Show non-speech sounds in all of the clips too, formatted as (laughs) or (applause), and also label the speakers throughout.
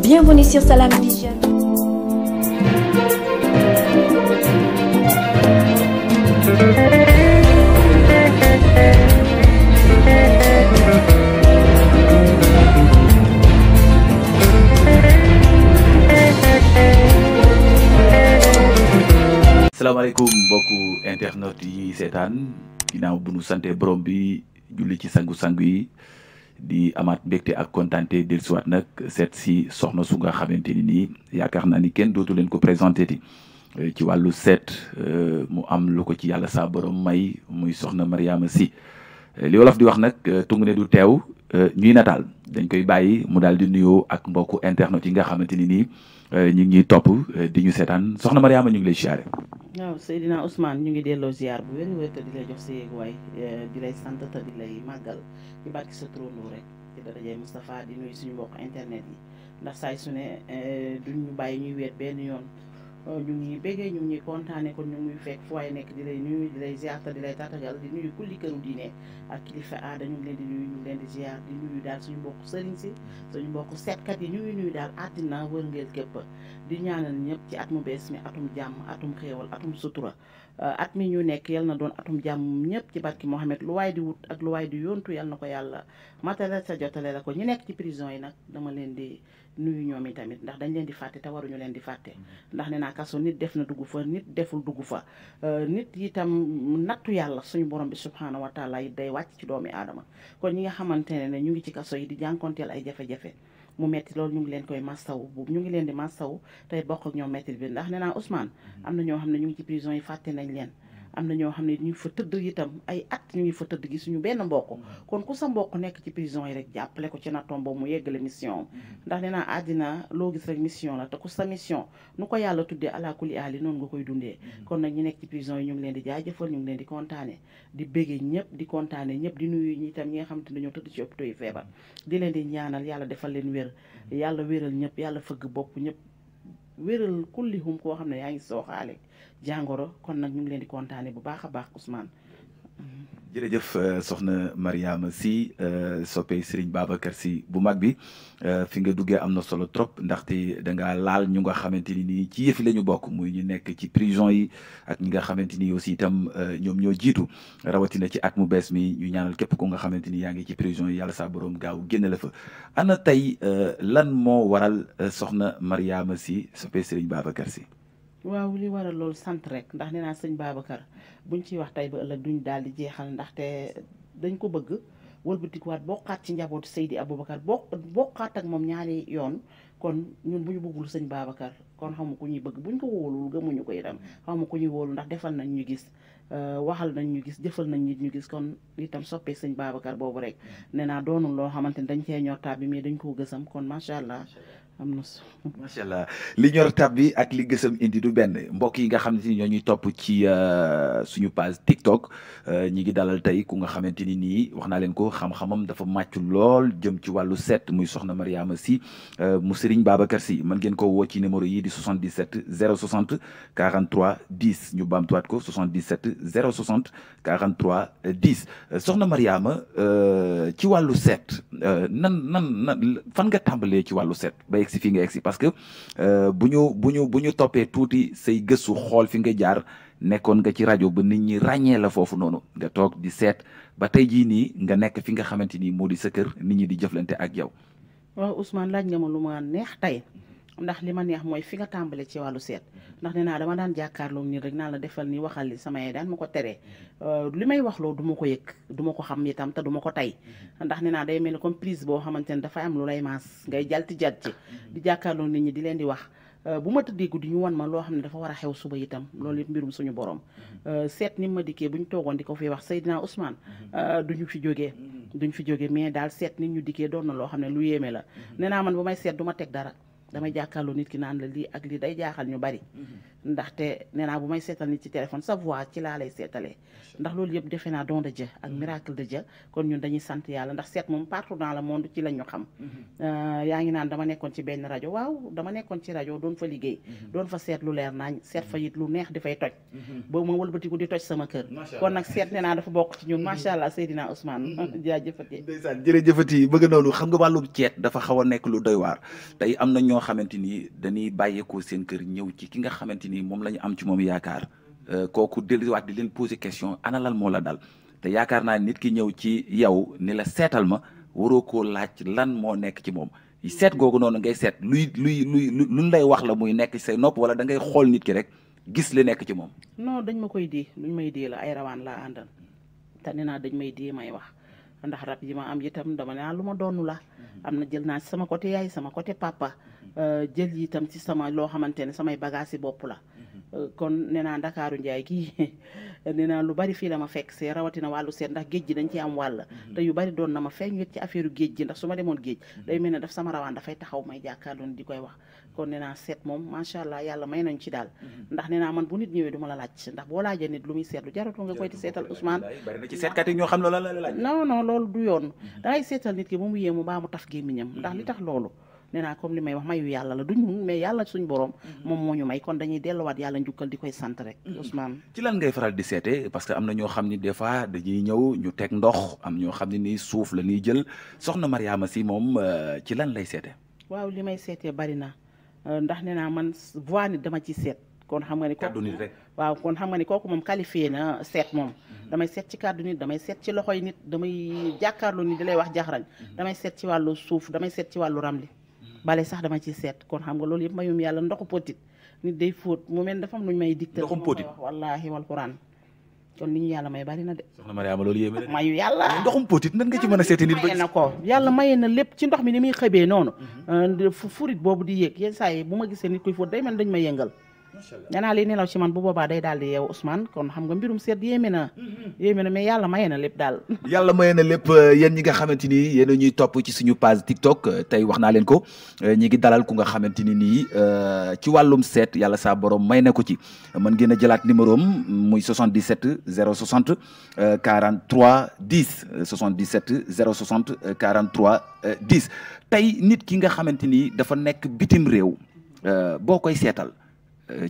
Speaker 1: Bienvenue sur Salam Vision.
Speaker 2: salaamaaleykum mbokku internet yi seetaan ginnaaw bu nu sante borom bi julli ci sangu-sangu yi di amaat mbégte ak kontaante del soit nag seet si soxna su nga xamante ni nii yaakaar naa ni kenn dootu leen ko présenté ti euh, ci wàllu seet euh, mu am lu ko ci yàlla saa borom may muy soxna Mariama Sy euh, li wolof di wax nag tungu ne du teew ñuy nataal dañ koy bàyyi mu daal di nuyoo ak mbokku internet yi nga xamante ni nii Euh, ñu ngi topp euh, di ñu seetaan soxna Mariama ñu ngi lay siyaare.
Speaker 1: waaw Seydina Ousmane ñu ngi delloo ziar bu wér wér te di lay jox si waay euh, di lay sant te di lay màggal di barki sa turandoo rek di darajee Moustapha di nuy suñu mbokk internet yi ndax saay su ne duñu bàyyi ñuy wéet benn yoon. Euh, ñu ngi béggee ñu ngi kontaane kon ñu ngi fekk fu waay nekk di lay nuyu di lay ziar te di lay tàttagal di nuyu kulli këru diine ak kilifa aada ñu ngi leen ñu ngi leen di ziar di nuyu daal suñu mbokk sëriñ si bokku mbokk seetkat yi ñu ngi nuyu daal àddina wërngeel képp di ñaanal ñëpp ci at mu bees mi atum jàmm atum xéewal atum sutura euh, at mi ñu nekk yal na doon atum jàmm ñëpp ci barki Mohamed lu waay di wut ak lu waaye di yontu yal na ko yàlla matale sa jotale la ko ñu nekk ci prison yi nag dama leen di nuyu ñoom i tamit ndax dañ leen di fàtte te waruñu leen di fàtte mm-hmm. ndax ne na kaso nit def na dugg fa nit deful dugg fa euh, nit itam nattu yàlla suñu borom bi subhaanahu wa taala day wàcc ci doomi aadama kon ñi nga xamante ne ñu ngi ci kaso yi di jànkonteel ay jafe-jafe mu metti loolu ñu ngi leen koy massawu boobu ñu ngi leen di massawu te bokk ak ñoom metti bi ndax ne naa Ousmane mm-hmm. am na ñoo xam ne ñu ngi ci prison yi fàtte nañ leen am na ñoo xam ne ñu fa tëdd itam ay at ñu fa tëdd gi suñu benn mbokk mm-hmm. kon ku sa mbokk nekk ci prison yi rek jàppale ko ci nattoom boobu mu yeggale mission am mm-hmm. ndax nee naa àddina loo gis rek mission la te ku sa mission nu ko yàlla tuddee alakuli aali noonu nga koy dundee mm-hmm. kon na ñu nekk ci prison yi ñu ngi leen di jaajëfal ñu ngi leen di kontaane di béggee ñëpp di kontaane ñëpp di nuyu ñi itam ñi nga xam te dañoo tëdd ci hôpitaux yi feebar di leen di ñaanal yàlla defal leen wér yàlla wéral ñëpp yàlla fëgg bopp ñëpp wéral kullihum koo xam ne yaa ngi sooxaale jàngoro kon nag ñu ngi leen di kontaane bu baax a baax Ousmane
Speaker 2: jërëjëf euh, soxna Mariama Sy euh, soppey Serigne Babacar si bu mag bi euh, fi nga duggee am na solo trop ndaxte da laal ñu nga xamante ni nii ci yëf yi la ñu bokk muy ñu nekk ci prison yi ak ñi nga xamante ni aussi itam ñoom ñoo jiitu rawatina ci ak mu bees mi ñu ñaanal képp ku nga xamante ni yaa ngi ci prison yi yàlla saa borom gaaw génn la fa ana tey lan moo waral soxna Mariama si soppey Serigne Babacar Sy.
Speaker 1: waaw li waral lool sant rek ndax nee naa sëñ Babacar buñ ciy wax tey ba ëllëg duñ daal di jeexal ndaxte dañ ko bëgg wëlbatikuwaat bokkaat ci njabootu Seydi Aboubacar bokk bokkaat ak moom ñaari yoon kon ñun bu ñu bëggul sëñ Babacar kon xamu ku ñuy bëgg buñ ko wóolul gëmuñu ko itam xamu ku ñuy wóolu ndax defal nañ ñu gis euh, waxal nañ ñu gis jëfal nañ nit ñu gis kon itam soppee sëñ Babacar boobu rek mm. nee naa doonul loo xamante ni dañ cee ñor taab bi mais dañ koo gësam kon macha allah am macha allah
Speaker 2: li ñor tab bi ak li gësam indi du benn mbokk yi nga xam ne ñoo ñuy topp ci euh, suñu page TikTok euh, ñi ngi dalal tey ku nga xamante ni nii wax naa leen ko xam-xamam dafa màcc lool jëm ci wàllu set muy soxna Mariama Sy euh, mu Serigne Babacar Sy man ngeen ko woo ci numéro yi di 77 060 43 10 ñu baamtuwaat ko 77 060 43 10 soxna Mariama ci wàllu set nan nan nan fan nga tàmbalee ci wàllu set. egsi fi nga parce que euh, bu ñu bu ñu bu ñu toppee tuuti say gëstu xool fi nga jaar nekkoon nga ci rajo ba nit ñi ràññee la foofu noonu nga toog di seet ba tey jii nii nga nekk fi nga xamante ni moo di sa kër nit ñi di jëflante ak yow.
Speaker 1: waaw Ousmane laaj nga ma lu ma neex ndax li ma neex mooy fi nga tàmbale ci wàllu seet ndax ne naa dama daan jàkkaarloo nii rek naa la defal ni waxal li sama daan ma ko teree euh, li may wax loo du ko yëg du ko xam itam te du ko tey ndax nee naa day mel ni comme prise boo xamante ne dafa am lu lay maas ngay jalti jalti di jàkkaarloo nit ñi di leen di wax euh, bu ma tëddee guddi ñu wan ma loo xam ne dafa war a xew suba itam loolu yëpp mbirum suñu borom euh, seet ni ma dikkee bu ñu toogoon di ko fi wax Seydina Ousmane duñu fi jógee duñ fi jógee mais daal seet ni ñu dikkee doon na loo xam ne lu yeme la mm-hmm. nee naa man bu may seet du ma teg dara damay jàkkaarloo nit ki naan la lii ak lii day jaaxal ñu bari mm-hmm. ndaxte nee naa bu may seetal nit ci téléphone sa voix ci laa lay seetalee ndax loolu yëpp defe naa don de Dieu ak hmm. miracle de Dieu kon ñun dañuy sant yàlla ndax seet moom partout dans le monde ci la ñu xam hmm. euh, yaa ngi naan dama nekkoon ci benn rajo waaw dama nekkoon ci rajo doon fa liggéey hmm. doon fa seet lu leer naañ seet lu neex di fay toj boobu ma wëlbatiku di toj sama kër kon seet nee dafa bokk ci ñun macha allah Seydina Ousmane (laughs) jaajëfati ndeysaan
Speaker 2: jërëjëfati xam nga wàllum ceet dafa xaw a nekk lu doy waar tey am na ñoo xamante ni dañuy bàyyeekoo seen kër ñëw ci ki nga xamante nii moom la ñu am ci moom yaakaar euh, kooku delluwaat di leen poser question ana lan moo la dal te yaakaar naa nit ki ñëw ci yow ni la seetal ma waroo koo laaj lan moo nekk ci moom seet googu noonu ngay seet luy luy luy luñ lay wax la muy nekk say nopp wala da ngay xool nit ki rek gis li nekk ci moom.
Speaker 1: non dañ ma koy dee luñ may dee la ay rawaan la àndal te nee na dañ may dee may wax. ndax rab yi ma am itam dama naa ah, lu ma doonu la mm-hmm. am na jël naa sama côté yaay sama Euh, jël yi itam ci sama loo xamante ne samay bagages yi bopp la. Mhm. Euh, kon nee naa ndakaaru njaay kii (laughs) nee naa lu bari fii la ma fekk se rawatina wàllu seet ndax géej gi dañ ci am wàll. Mhm. te yu bari doon na ma feeñ wet ci affaire géej gi ndax su ma demoon géej. Mhm. day mel ne daf sama rawaan dafay taxaw may jàkkaarloo di koy wax kon nee naa seet moom macha allah yàlla may nañ ci daal. ndax nee naa man bu nit ñëwee du ma la laaj ndax laajee nit lu muy seetlu jaratu nga koy di seetal Ousmane.
Speaker 2: bari na xam loolu la la
Speaker 1: laaj. non non loolu du yoon. dangay seetal nit ki ba mu yéemu baa mu taf gémmiñam ndax li tax loolu nee naa comme li may wax mayu yàlla la du ñun mais yàlla suñ borom. Mhm. moom moo ñu may kon dañuy delluwaat yàlla njukkal di koy sant rek. Mhm. Ousmane
Speaker 2: ci lan ngay faral di seete parce que am na ñoo xam ni des fois dañuy ñëw ñu teg ndox am ñoo xam ne nii suuf la ñuy jël soxna Mariama si moom euh, ci lan lay seete.
Speaker 1: waaw li may seetee bari na euh, ndax nee naa man voix nit dama ci seet. kon xam nga ni kàddu rek waaw kon xam ni kooku moom qualifié na seet moom mhm. damay seet ci kàddu nit damay seet ci loxoy nit damay jàkkaarlu nit di lay wax jaxarañ damay seet ci wàllu suuf damay seet ci wàllu ramli bale sax dama ciy seet kon xam nga lool yëpp mayum yàlla ndoxu potit nit day fóot mu mel dafa am lu ñu may digtal ndoxum potit wax wallaahi wal quran kon li ñu yàlla na de soxna
Speaker 2: Mariama loolu yéeme mayu yàlla ndoxum potit nan nga ci mën a seeti nit ba na ko
Speaker 1: yàlla maye na lépp ci ndox mi ni muy xëbee noonu mhm. euh, furit boobu di yéeg yenn saa bu ma gisee nit koy fóot day mel dañ ma yëngal nee naa li nelaw ci man bu boobaa day daal di yeewu Ousmane kon xam nga mbirum seet yéeme na mm-hmm. yéeme na mais yàlla maye na lépp daal (laughs)
Speaker 2: yàlla maye na lépp euh, yéen ñi nga xamante ni yéen a ñuy topp ci suñu page TikTok euh, tey wax naa leen ko euh, ñi ngi dalal ku nga xamante ni nii ci wàllum seet yàlla saa borom may na ko ci mën ngeen a jëlaat numéro am muy 77 060 43 10 77 060 43 10 tey nit ki nga xamante ni dafa nekk bitim réew boo koy seetal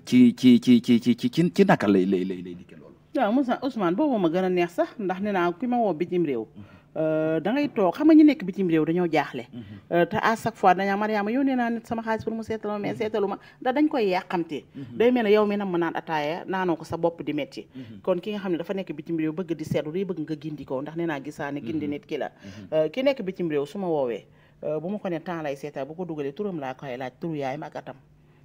Speaker 2: ci ci ci ci ci ci ci naka lay lay lay lay dikkee loolu.
Speaker 1: waaw Moussa Ousmane boobu ma gën a neex sax ndax ne naa ki ma woo bitim réew. Euh, da ngay toog xam nga ñu nekk bitim réew dañoo jaaxle. Mhm. Euh, te à chaque fois dañaa Mariama yónnee naa sama xaalis pour mu seetaloo mais seetalu ma ndax dañ koy yàqamte. Mhm. day mel ne yow mi nam ma naan ataaya naanoo ko sa bopp di métti. Mhm. kon ki nga xam ne dafa nekk bitim réew bëgg di seetlu day bëgg nga gindi ko ndax ne naa gisaane gindi nit ki la. Euh, ki nekk bitim réew su ma woowee bu ma ko ne temps lay seetal bu ko dugalee turam laa koy laaj turu yaayam ak atam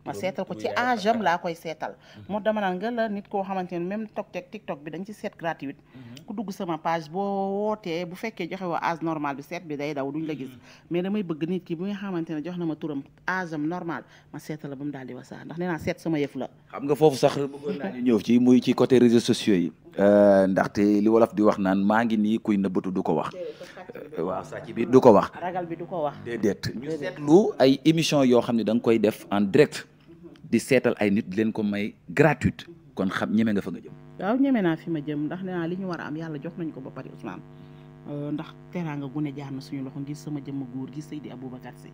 Speaker 1: ma seetal ko ci âge am koy seetal mhm. moo dama naan nga la nit koo xamante ne même bi dañ ci seet gratuite mhm. ku dugg sama page boo wootee bu fekkee joxe woo âge normal bi seet bi day daw duñ la gis mhm. mais damay bëgg ki bu nga xamante ne jox na ma turam âge am normal ma seetal la ba mu daal di wasaa ndax nee naa seet sama yëf la
Speaker 2: xam nga foofu sax ci muy ci côté réseaux sociaux yi euh, ndaxte li wolof di wax naan maa ngi nii kuy nëbbatu du ko wax
Speaker 1: euh, waaw
Speaker 2: sàcc bi du ko wax
Speaker 1: bi du ko wax déedéet ñu seetlu
Speaker 2: ay émission yoo xam ne da nga def en di seetal ay nit leen ko may gratuite kon xam ñeme nga fa nga jëm.
Speaker 1: waaw ñeme naa fi ma jëm ndax nee naa li ñu war a am yàlla jox nañ ko ba pare Ousmane euh, ndax teraanga gu ne jaar na suñu loxo ngir sama jëmm góor gi Seydi Aboubacar Sy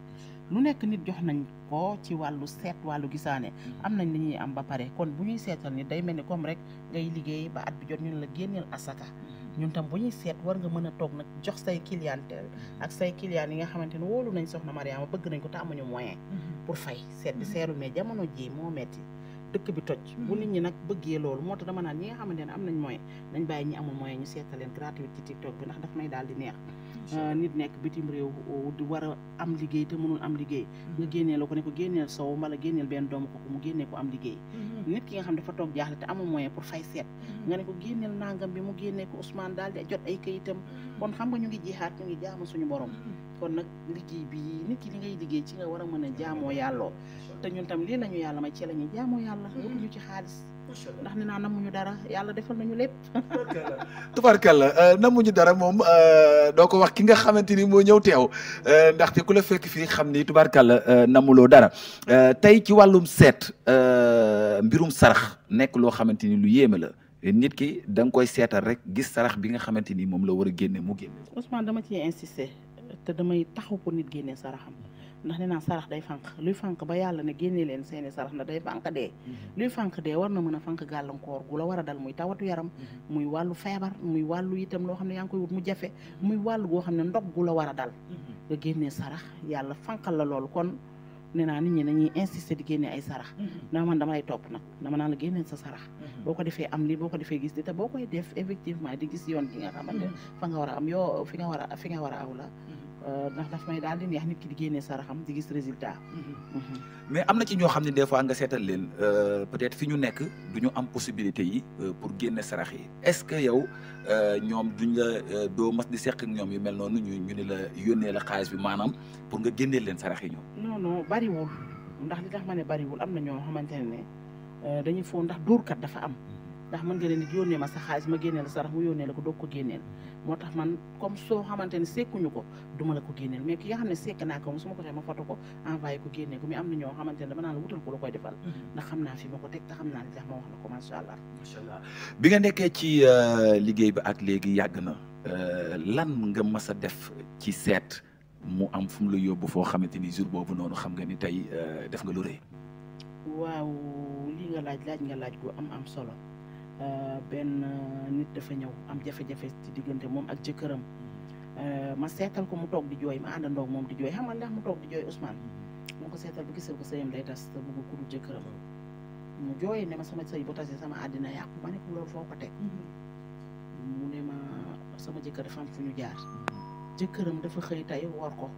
Speaker 1: lu nekk nit jox nañ ko ci wàllu seet wàllu gisaane am nañ li ñuy am ba pare kon bu ñuy seetal nit day mel ni comme rek ngay liggéey ba at bi jot ñu la génneel asaka. ñun tam bu ñuy seet war nga mën a toog nag jox say clientèle ak say clients yi nga xamante ne woolu nañ soxna Mariama bëgg nañ ko te amuñu moyen mhm. pour fay seet bi mhm. seeru mais jamono ji moo metti dëkk bi toj mm-hmm. bu nit ñi nag bëggee loolu moo tax dama naan ñi nga xamante ne am nañ moyen nañ bàyyi ñi amul moyen ñu seetal leen gratuit ci TikTok bi ndax daf may daal di neex euh, nit nekk bitim réew euh, di war a am liggéey te mënul am liggéey mm-hmm. nga génnee la ko ne ko génneel sow wala génneel benn doomu ko mu génnee ko am liggéey mm-hmm. nit ki nga xam dafa toog jaaxle te amul moyen pour fay seet nga ne ko génneel nangam bi mu génnee ko Ousmane daal di jot ay kon xam nga ñu ngi jihaat ñu ngi jaamu suñu borom mm-hmm. kon nag liggéey bii nit ki li ngay liggéey ci nga war a mën a jaamoo yàlloo te ñun tam lii la yàlla may ci la ñuy jaamoo yàlla wutuñu mm-hmm. ci xaalis ndax ne naa namuñu dara yàlla defal nañu lépp
Speaker 2: (laughs) tubarkalla euh, namuñu dara moom euh, doo ko wax ki nga xamante ni moo ñëw teew euh, ndaxte ku la fekk fii xam ni tubarkalla namuloo dara tey ci wàllum seet mbirum sarax nekk loo xamante ni lu yéeme la nit ki da koy seetal rek gis sarax bi nga xamante ni moom la war a génne
Speaker 1: mu génne. Ousmane dama ci insister te damay taxaw ko nit génne saraxam ndax nee sarax day fànq luy fànq ba yàlla ne génne leen seeni sarax na day fànq dee. Mm-hmm. luy fànq dee war na mën a fànq gàllankoor gu la war a dal muy tawatu yaram. Mm-hmm. muy wàllu feebar muy wàllu itam loo xam ne yaa ngi koy wut mu jafe muy wàllu goo xam ne ndog gu la war a dal. Mm-hmm. nga génne sarax yàlla fànqal la loolu kon. nee naa nit ñi nañuy insister di génne ay sarax mhm. ndax man damay topp nag dama naan la génneel sa sarax mhm. boo ko defee am lii boo ko defee gis di te boo koy def effectivement di gis yoon bi nga xamante mhm. fa nga war a am yoo fi nga war a fi nga war a aw la ndax daf may daal di neex nit ki di génnee saraxam di gis résultat. Mhm.
Speaker 2: mais am na ci ñoo xam ne des fois nga seetal leen euh, peut-être fi ñu nekk du ñu am possibilité yi euh, pour génne sarax yi est-ce que yow euh, ñoom duñ la doo mas di seq ñoom yu mel noonu ñu ñu ne la yónnee la xaalis bi maanaam pour nga génneel leen sarax yi ñoom.
Speaker 1: non non bariwul ndax li tax ma ne bariwul am na ñoo xamante ne dañuy foo ndax dóorkat dafa am. ndax mën nga leen nit yónnee ma sa xaalis ma génneel sarax mu yónnee la ko doog ko génneel moo tax man comme soo xamante ne sekkuñu ko duma la ko génneel mais ki xam ne sekk naa ko moom su ma ko xee ma foto ko envoyé ko génnee ko am na ñoo xamante ne dama naan la wutal ko la koy defal mm-hmm. ndax xam naa fi ma ko teg te xam na li tax ma wax la ko macha allah macha allah
Speaker 2: bi nga nekkee ci euh, liggéey bi ak léegi yàgg na euh, lan nga mas a def ci seet mu am fu mu yóbbu foo xamante ni jour boobu noonu xam nga ni tey euh, def nga lu rëy
Speaker 1: waaw lii nga laaj laaj nga laaj gu am am solo Euh, benn euh, nit dafa ñëw am jafe-jafe ci diggante moom ak jëkkëram euh, ma seetal ko mu toog di jooy ma àndandoog moom di jooy xam nga ndax mu toog di jooy Ousmane mu ko seetal bu gisal ko sëyam day tas te bëgg ku dul mu jooyee ne ma sama sëy bu tasee sama àddina yàqu ma ne ko loolu foo ko teg mu sama jëkkër dafa am fu ñu jaar jëkkëram dafa xëy tey war ko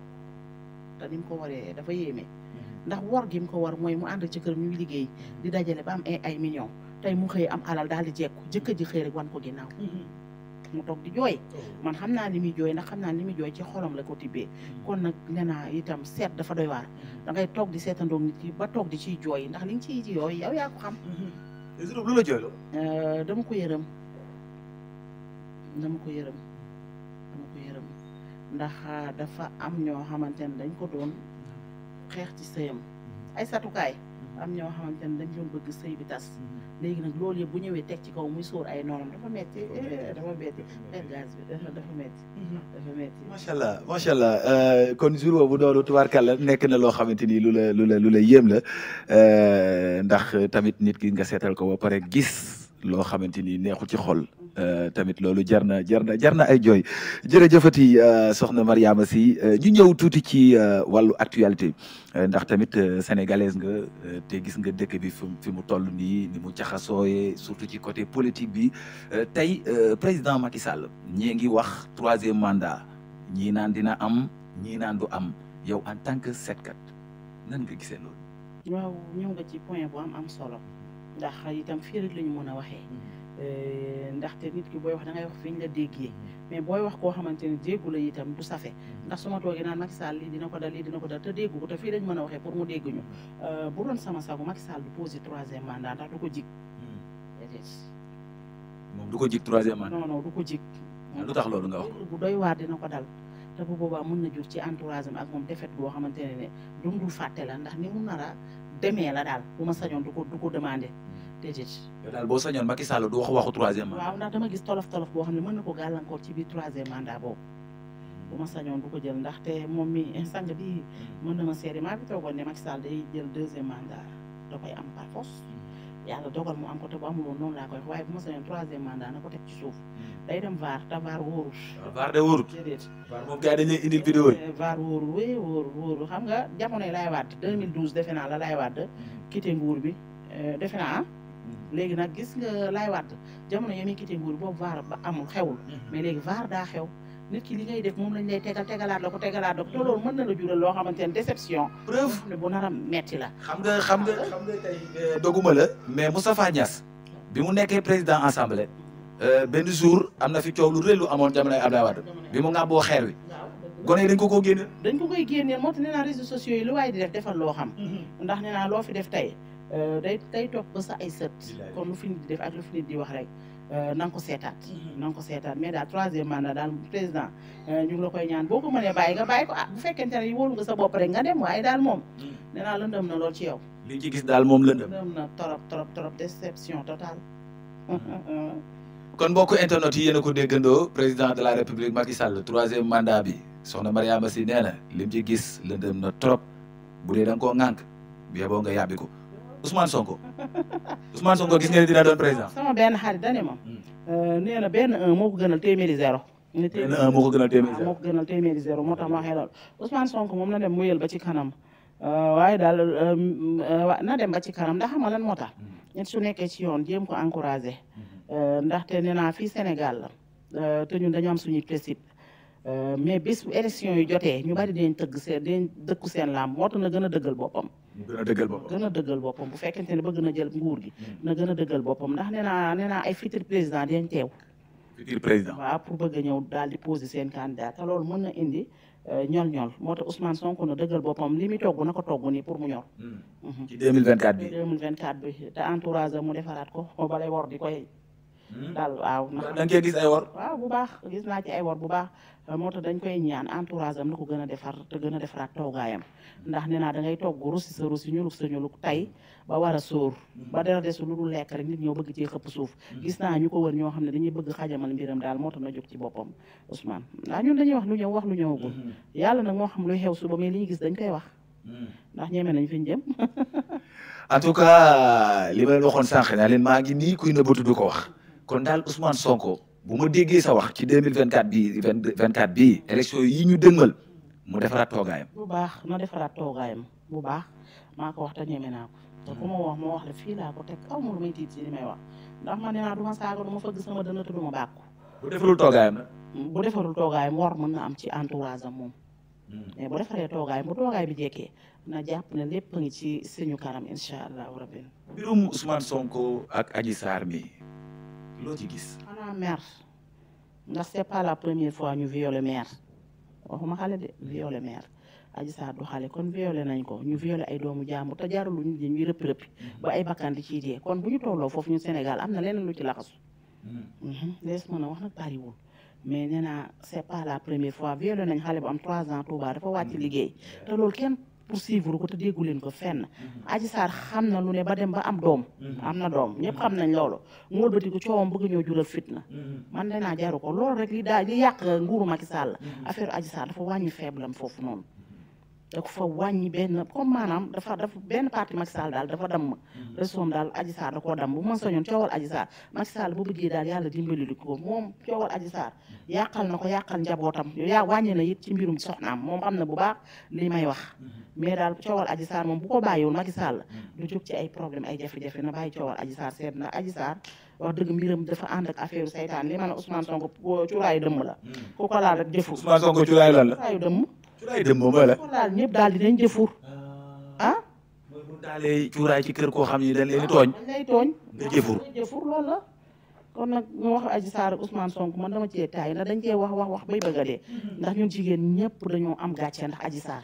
Speaker 1: te ni ko waree dafa yéeme mm-hmm. ndax war gi mu ko war mooy mu ànd ci këram ñuy liggéey di dajale ba am ay millions tey mu xëy am alal daal di jekku jëkkër ji xëy wan ko ginnaaw mm-hmm. mu toog di jooy oh. man xam naa li muy jooy ndax xam naa li muy jooy ci xolam la ko tibbee mm-hmm. kon nag nee naa itam seet dafa doy waar mm-hmm. dangay toog di seetandoog nit ki ba toog di ciy jooy ndax li nga ciy jooy yow yaa ko xam lu la euh, dama ko yërëm dama ko yërëm dama ndax ah, dafa am ñoo xamante ne dañ ko doon xeex ci sëyam ay satukaay am ñoo xamante ne dañ doon bëgg sëy bi tas mm-hmm. léegi nag loolu yëpp bu ñëwee teg ci kaw muy sóor ay noonam dafa metti dafa metti perte eh, eh, eh, mm-hmm. macha allah
Speaker 2: macha allah euh, kon jour boobu doolu tubaarkàlla nekk na loo xamante ni lu la lu la lu la yéem la euh, ndax tamit nit ki nga seetal ko ba pare gis loo xamante ni neexu ci xol Euh, tamit loolu jar na jar na jar na ay jooy jërëjëfati euh, soxna Mariama Sy euh, ñu ñëw tuuti ci wàllu actualité ndax tamit sénégalaise nga te gis nga dëkk bi fi mu toll nii ni mu jaxasooyee surtout ci côté politique bi tey président Macky Sall ñii ngi wax troisième mandat ñii naan dina am ñii naan du am yow en tant que seetkat nan nga gisee loolu.
Speaker 1: waaw ñëw nga ci point bu am am solo ndax itam fii rek la ñu a waxee. Mm. Euh, ndaxte nit ki booy wax da ngay wax fi ñu la déggee mais booy wax koo xamante ne déggu la itam du safe ndax su ma toogee naan Macky Sall lii dina ko dal dina ko dal te déggu ko te fii lañ mën a waxee pour mu dégg ñu euh, bu doon sama sago Macky Sall du posé troisième mandat ndax du ko jig.
Speaker 2: moom du ko jig troisième mandat. non
Speaker 1: du ko jig. Ah, lu tax loolu nga wax bu doy waar dina ko dal. te bu boobaa mun na jur ci entourage ak moom defet boo xamante ne ne dundul fàtte la ndax ni mu nar a demee la daal bu ma sañoon du ko du demandé. déedéet. yow daal boo
Speaker 2: sañoon Macky Sall du wax waxu troisième mandat.
Speaker 1: waaw ndax dama gis tolof tolof boo xam ne mën na ko gàllankoor ci biir troisième mandat boobu. Hmm. bu ma sañoon du ko jël ndaxte moom mi instant bi hmm. mën na ma seede maa ngi toogoon ne Macky Sall day jël deuxième mandat da koy am par force. Hmm. yàlla dogal mu am ko te bu amul woon laa koy waaye bu ma sañoon troisième mandat na ko teg ci suuf. day dem vaar te vaar wóorut. vaar de wóorut. Eh, xam nga jamonoy Laye Wade 2012 defe naa la Laye Wade nguur bi eh, defe naa ah? léegi nag gis nga laay waat jamono yi muy quitté guur boobu vaar ba amul xewul mm-hmm. mais léegi vaar daa xew nit ki li ngay def moom lañ lay tegal tegalaat la ko tegalaat loolu mën na la jural loo xamante ne déception. preuve nar a metti la. xam nga xam nga nga
Speaker 2: euh, doguma la. mais Moustapha Niass bi mu nekkee président assemblée. Euh, benn jour am na fi coow lu amoon jamonoy Abdoulaye Wade bi xeer wi. gone ko koo génne.
Speaker 1: dañ ko koy génneel moo tax nee naa réseaux sociaux yi di def loo xam. Mm-hmm. ndax nee naa loo fi def tey. Euh, day day toog ba sa ay sët kon lu fi di def ak lu fi nit wax rek euh, nan ko seetaat mhm. na nga ko seetaat mais daal troisième mandat daal président euh, ñu ngi la koy ñaan boo ko mënee bàyyi nga bàyyi ko ah, bu fekkente ne wóolu nga sa bopp rek nga dem waaye daal moom mhm. nee naa na lool ci yow
Speaker 2: li ci gis daal moom lëndëm
Speaker 1: lëndëm na trop trop trop déception totale mhm.
Speaker 2: kon mbokk internet yi yéen a ko déggandoo président de la république Macky Sall troisième mandat bi soxna Mariama Sy nee lim ci gis la lëndëm na trop bu dee da nga koo ŋànk bi yeboo nga yàbbi ko Ousmane Sonko Ousmane Sonko gis ngeen dina doon président.
Speaker 1: sama benn xarit da ne ma. Hmm. Euh, nee na benn un moo ko gënal téeméeri zéro. benn un moo ko gënal téeméeri zéro moo tax ma waxee loolu Sonko moom na dem mu yël ba ci kanam euh, waaye daal euh, na dem ba ci kanam ndax xam lan moo tax. Hmm. nit su nekkee ci yoon jéem ko encouragé. Hmm. ndaxte nee naa fii Sénégal la te ñun dañu am suñuy principe. mais bis bu élection yi jotee ñu bari dinañ tëgg seen dinañ dëkku seen làmb moo tax na gën a dëggal boppam. mu gën a dëggal boppam gën a dëggal boppam bu fekkente ne bëgg na jël nguur gi. na gën a dëggal boppam ndax nee naa nee naa ay futur président dañ teew. futur président waaw pour bëgg a ñëw daal di poser seen candidat te mën na indi euh, ñol ñol moo tax Ousmane Sonko na dëggal boppam li muy togg na ko nii pour mu ñor. Hmm. Mhm. ci 2024 bi 2024 bi te entourage mu defaraat ko moo balay war di koy. Hmm? daal waaw da nga gis ay bu baax gis naa ci ay wor bu baax moo dañ koy ñaan entourage am na ko gën a defar te gën a defaraat toogaayam ndax nee naa da ngay togg rusi sa rusi ñuluk sa ñuluk tey ba war a hmm. ba dara desu lu dul lekk rek nit bëgg ci xëpp suuf hmm. gis naa ñu ko wër ñoo xam ne dañuy bëgg xajamal mbiram daal moo tax na jóg ci boppam Ousmane ndax ñun dañuy wax lu ñëw wax lu ñëwagul yàlla nag moo xam luy xew suba mais li ñu gis dañ koy wax ndax ñeme nañ fiñ ñu jëm
Speaker 2: (laughs) en tout cas li ma leen waxoon sànq naa leen maa ngi nii kuy ko wax kon daal Ousmane Sonko bu ma déggee sa wax ci deux mille vingt quatre bii vingt quatre bii élection yi ñu dëngal mu defaraat toogaayam.
Speaker 1: bu baax na defaraat toogaayam bu baax maa wax te ñeme naa ko. te ku ma wax ma wax la fii laa ko teg aw ma tiit ci li may wax ndax ma nee naa du ma saaga du ma fëgg sama dënn te du ma bàkku. bu defarul toogaayam nag. bu defarul toogaayam war mën na am ci entourage am moom. Hmm. mais bu defaree toogaayam bu toogaay bi jekkee na jàpp ne lépp ngi ci suñu kanam incha allahu rabbi.
Speaker 2: mbirum Sonko ak Adji Sarr
Speaker 1: loo ci gis. xanaa mère ndax c'est la première fois ñu violé mère waxuma xale de violé mère Adji Sarr xale kon violé nañ ko ñu violé ay doomu jàmbur te jaarul ñu di ñuy ba ay bakkan di kon bu ñu tolloo foofu ñu Sénégal am na leneen lu ci laxasu. lees hmm. mhm. mën a wax nag bariwul mais nee naa c'est pas la première fois violé nañ xale bu am 3 ans Touba dafa wàcc liggéey te loolu kenn. poursuivre ko te déggu leen ko fenn. Mhm. Adji Sarr xam na lu ne ba dem ba am doom. Mhm. am na doom ñëpp xam nañ loolu. mu wëlbati ko coowam bëgg ñoo jural fitna. Mhm. man naa jaru ko loolu rek li daa li yàq nguuru Macky Sall la. affaire Adji Sarr dafa wàññi faible am foofu noonu. dafa fa wàññi benn comme maanaam dafa dafa benn parti Macky daal dafa damm mm-hmm. resoom daal Adji Sarr da koo damm bu ma soñoon coowal Adji Sarr Macky Sall bu daal yàlla dimbali ko moom coowal Adji Sarr yàqal na ko yàqal njabootam yaa wàññi na it ci mbirum soxnaam moom xam na bu baax li may wax mm-hmm. mais daal coowal Adji Sarr moom bu ko bàyyiwul Macky Sall du mm-hmm. jóg ci ay problème ay jafe-jafe na bàyyi coowal Adji Sarr seet na Adji Sarr wax dëgg mbiram dafa ànd ak affaire saytaan li ma ne Ousmane Sonko cuuraayu dëmm la. Hmm. ku ko laal rek jëfur. Ousmane Sonko cuuraayu la cuuraayu dëmm.
Speaker 2: cuuraayu dëmm mooy la ku
Speaker 1: ko laal ñëpp daal di dañ jëfur ah.
Speaker 2: ah. mooy cuuraay ci kër koo xam ni dañ leen di tooñ. dañ lay tooñ nga jëfur
Speaker 1: jëfur loolu la. kon nag mu wax Adji Sarr ak Ousmane Sonko man dama cee taay ndax dañ cee wax wax wax bay bëgg a hmm. ndax ñun jigéen ñëpp dañoo am gàcce ndax Adji Sarr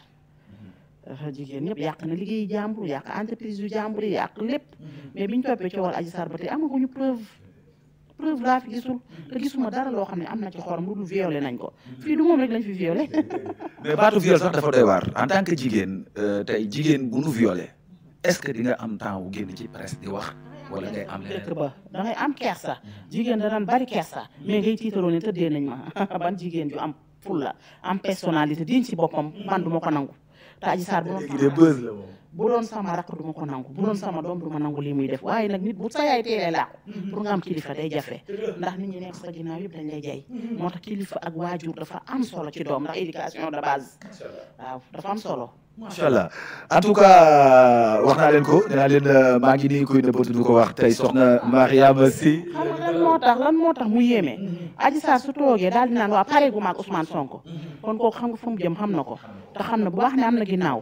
Speaker 1: jigéen ñëpp yàq na liggéeyu jàmbur yàq entreprise yu jàmbur yi yàq lépp mm-hmm. mais biñ toppee coowal Adji Sarr ba tey amaguñu preuve preuve laa fi gisul te gisuma dara loo xam ne am na ci xorom lu dul violé nañ ko mm-hmm. fii du moom rek lañ fi violé
Speaker 2: (laughs) mais baatu viol sax dafa doy waar en tant que jigéen euh, tey jigéen bu nu violé est que di am temps wu génn ci presse di wax wala ngay am dëkk
Speaker 1: ba da ngay am kersa jigéen danaan bari kersa mais ngay tiitaroo ne tëddee nañ ma (laughs) ban jigéen ju am fulla am personnalité diñ ci boppam man du ma ko nangu te Adji Sarr bu doon bu ma sama rakk du ko nangu bu doon sama doom du ma nangu lii muy def waaye nag nit bu sa yaay teelee làqu mhm. pour nga am kilifa day jafe ndax ni ñi nekk sa ginnaaw yëpp dañ lay jay mhm. moo tax kilifa ak waajur dafa am solo ci doom ndax éducation de base dafa am solo macha allah
Speaker 2: en tout cas wax naa leen ko nee naa leen euh, maa ngi nii kuy nëbbatu du ko wax tey soxna Mariama Sy. xam
Speaker 1: nga moo tax lan moo tax mu yéeme. Adji Sarr su toogee daal di naan waa pare gu maag Ousmane Sonko. kon kooku xam nga fu mu xam na ko. te xam na bu wax ne am na ginnaaw.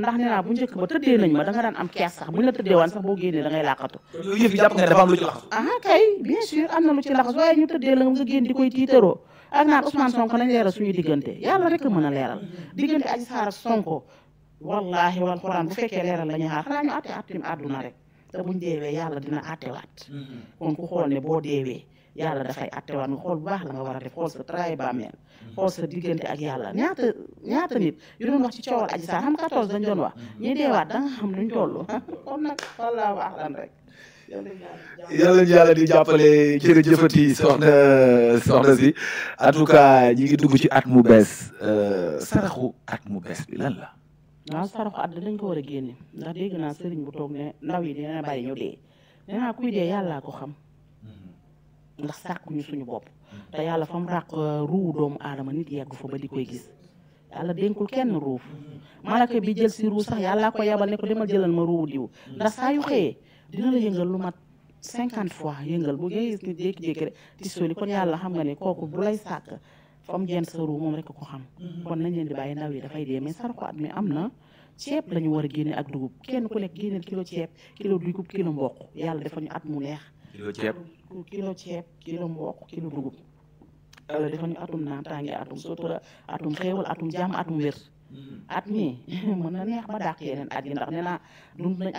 Speaker 1: ndax ne naa bu njëkk ba tëddee nañ ma da nga daan am kees sax bu la tëddee waan sax boo génnee da ngay làqatu. yooyu yëf yi jàpp nga dafa lu ci laxas. Ah, kay bien sûr am na lu ci laxas waaye ñu tëddee la nga génn di koy tiitaroo ak naan Ousmane Sonko nañ leeral suñu diggante yàlla rek a mën a leeral diggante Adji Sarr ak wallahi wal xuraan bu fekkee leeral la ñu xaar xanaa ñu atte attim àdduna rek te buñ deewee yàlla dina attewaat mm-hmm. kon ku xool ne boo deewee yàlla dafay attewaat nga xool bu baax la nga war a def xool sa travail bàmmeel mm-hmm. xool sa diggante ak yàlla ñaata ñaata nit yu doon wax ci coowal aji saar xam 14 da doon wax mm-hmm. ñi deewaat da nga xam luñ toll (laughs) kon nag wallaahu a'lam rek yàlla
Speaker 2: ñu yàlla di jàppale jërëjëfati soxna soxna si en tout cas ñi ngi dugg ci at mu bees euh, saraxu at mu bees bi
Speaker 1: waaw saraxu at dañ ko war a génne ndax dégg naa sëriñ bu toog ne ndaw yi dina bari ñu dee nee naa kuy dee yàllaa ko xam ndax sàkkuñu suñu bopp te yàlla fam mu eh, ràq doomu aadama nit yegg fa ba di koy gis yàlla dénkul kenn ruuf malaka bi jël si sax yàlla ko yabal ne ko demal jëlal ma ruu diw ndax saa yu dina la yëngal lu mat cinquante fois yëngal bu ngay gis nit jékki-jékki rek ti soli kon yàlla xam nga ne kooku bu lay sàkk fa mu jent sa ruu moom rek ko xam kon nañ leen di bàyyi ndaw yi dafay dee mais sarko at mi am na ceeb la ñu war a génne ak dugub kenn ku nekk génneel kilo ceeb kilo dugub kilo mboq yàlla dafa ñu at mu neex kilo ceeb kilo ceeb kilo mboq kilo dugub yàlla dafa ñu atum naataange atum sotura atum xéewal atum jàmm atum wér mm-hmm. at mi (laughs) mën na neex ba dàq yeneen at yi ndax nee naa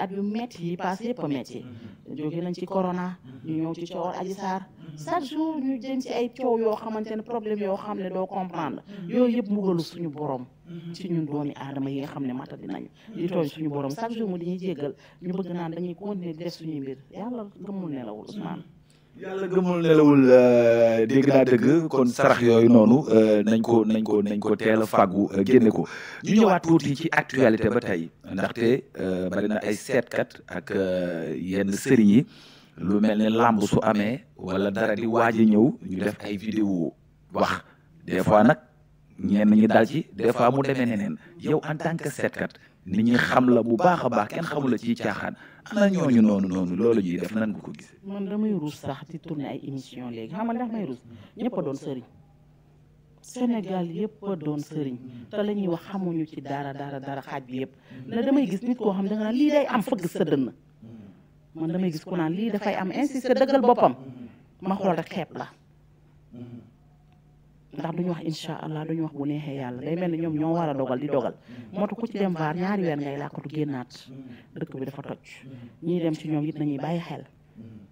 Speaker 1: at yu metti yi passé yëpp a metti mm-hmm. jóge nañ ci corona ñu ci coowal aji saar chaque jour ñu jëm ci ay coow yoo xamante ne problème yoo xam ne doo comprendre mm-hmm. yooyu yëpp mbugalu suñu borom mm-hmm. ci ñun doomi aadama yi nga xam ne mata dinañu mm-hmm. di tooñ suñu borom chaque jour mu diñuy jéggal ñu bëgg naan dañuy continuer di def suñuy mbir yàlla gëmul nelawul Ousmane
Speaker 2: yàlla gëmul nelawul euh, dégg naa dëgg kon sarax yooyu noonu euh, nañ ko nañ ko nañ ko teel a fàggu euh, génne ko ñu ñëwaat tuuti ci actualité ba tey ndaxte bari na ay seetkat ak yenn sëriñ yi lu mel ne làmb su amee wala dara di waaj a ñëw ñu def ay vidéo wax des fois nag ñenn ñi dal ci des fois mu demee neneen yow en tant que seetkat nit ñi xam la bu baax a baax kenn xamula ci caaxaan ana ñooñu noonu noonu loolu ñuy def nan nga ko gisee.
Speaker 1: man damay ruus sax di tourner ay émission léegi xam nga ndax may ruus a doon sëriñ yëpp a doon sëriñ te la ñuy wax xamuñu ci dara dara dara xaaj bi yëpp na damay gis nit koo xam da nga naan lii day am fëgg sa man damay gis ku naan lii dafay am insisté dëggal boppam ma xool rek xeeb la ndax duñu wax incha allah duñu wax bu neexee yàlla day mel ni ñoom ñoo war a dogal di dogal moo tax ku ci dem vaar ñaari weer ngay làkkatu génnaat dëkk bi dafa toj ñii dem ci ñoom it nañuy bàyyi xel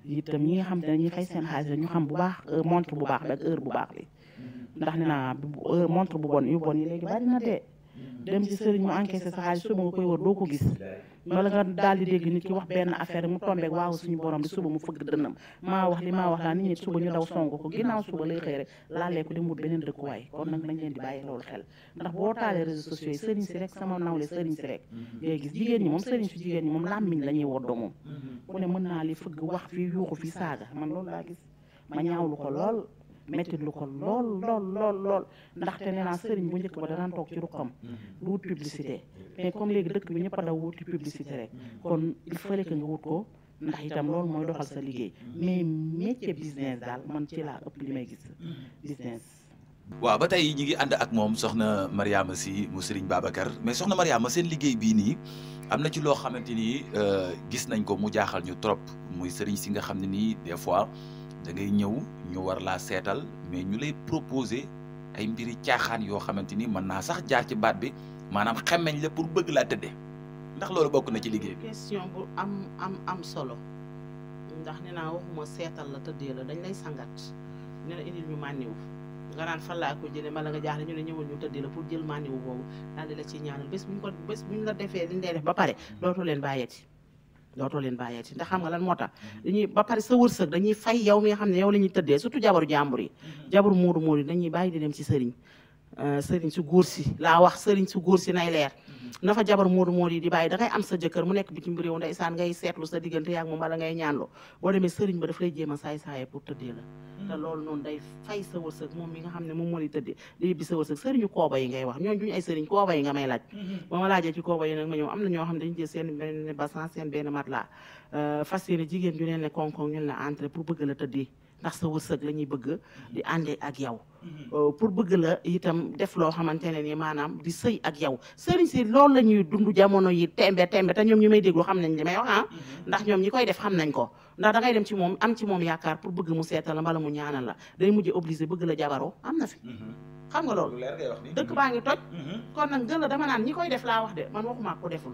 Speaker 1: itam ñi nga xam te ne ñi fay seen xaalis ñu xam bu baax euh, montre bu baax bi ak bu baax bi ndax ne naa euh, montre bu bon yu bon yi léegi bari na dee dem ci sëriñ mu encaissé suba nga ko gis wala nga daal di dégg nit ki wax benn affaire mu tombeek waaw suñu borom di suba mu fëgg dënnam maa wax li maa wax laa nit ñi suba ñu daw song ko ginnaaw suba lay xëy rek laalee ko di mut beneen dëkkuwaay kon nag nañ leen di bàyyi loolu xel ndax boo taalee réseaux sociaux yi mhm. mhm. naa li fëgg wax fii fii saaga man loolu laa gis
Speaker 2: ma ñaawlu ko lool
Speaker 1: mettit lu ko lool lool lool lool ndaxte nee naa sëriñ bu njëkk ba danaan toog ci ruqam mhm. du wut publicité mais comme léegi dëkk bi ñëpp a daw wuti publicité rek kon il fallait que nga wut ko ndax itam loolu mooy doxal sa liggéey mais métier business daal man ci laa ëpp li may gis business
Speaker 2: waaw ba tey ñi ngi ànd ak moom soxna Mariama si mu Serigne Babacar mais soxna Mariama seen liggéey bii nii am na ci loo xamante ni euh, gis nañ ko mu jaaxal ñu trop muy Serigne si nga xam ne nii des fois da ngay ñëw ñu war laa seetal mais ñu lay proposer ay mbiri caaxaan yoo xamante ni mën naa sax jaar ci baat bi maanaam xemmeñ la pour bëgg laa tëddee ndax loolu bokk na ci liggéey bi.
Speaker 1: question bu am am am solo ndax nee naa waxuma seetal la tëddee la dañ lay sangat ne la indil ñu mànniw nga naan fan laa ko jëlee mbala nga jaaxle ñu ne ñëwal ñu tëddee pour jël mànniw boobu daal di la ci ñaanal bés bu ñu ko la defee dañ dee lay def ba pare dootoo leen bàyyeeti dootoo leen bàyyeeti ndax xam nga lan moo tax mm-hmm. dañuy ba pare sa wërsëg dañuy fay yow mi nga xam ne yow la ñuy tëddee surtout jabaru jàmbur yi mm-hmm. jabaru moodu moodu yi dañuy bàyyi di dem ci sëriñ Euh, sëriñ si góor si laa wax sëriñ si góor si nay leer mhm. na fa jabar moodu moodu yi di am sa jëkkër mu nekk bitim réew ndeysaan ngay seetlu sa diggante yaag a saay mhm. nga moom moo laaj mhm. ba ci kooba yi nag ma ñëw am na ñoo xam ne dañu seen benn basan seen euh, fas yéene jigéen ju leen ne konkon ñun la entré pour bëgg la tëddee ndax sa wërsëg la ñuy bëgg di àndee ak yow mhm. euh, pour bëgg la itam def loo xamante ne nii maanaam di sëy ak yow sëriñ si loolu la ñuy dund jamono yi tembe tembe te ñoom ñi may déglu xam nañ li may wax ah mhm. ndax ñoom ñi koy def xam nañ ko ndax da ngay dem ci moom am ci moom yaakaar pour bëgg mu seetal la mbala mu ñaanal la day mujj obligé bëgg la jabaroo am na fi mhm. xam nga lool dëkk baa ngi toj kon nag gën la dama naan ñi koy def laa wax de man waxuma ko deful